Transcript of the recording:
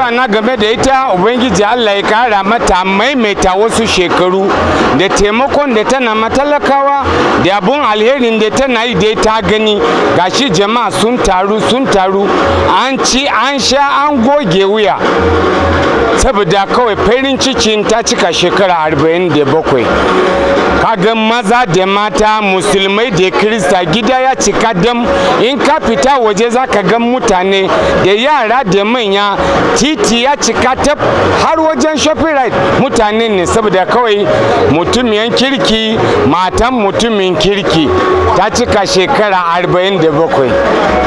addu'a game da ita ubangiji allah ya kara mata maimaita wasu shekaru da taimakon da tana matalakawa da abun alherin da tana yi da ta gani gashi jama'a sun taru sun taru an ci an sha an goge wuya saboda kawai farin cikin ta cika shekara 47 kaga maza da mata musulmai da krista gida ya cika dam in ka fita waje za ka ga mutane da yara da manya titi ya cika ta har wajen shopping mutane ne saboda kawai mutumin kirki matan mutumin kirki ta cika shekara 47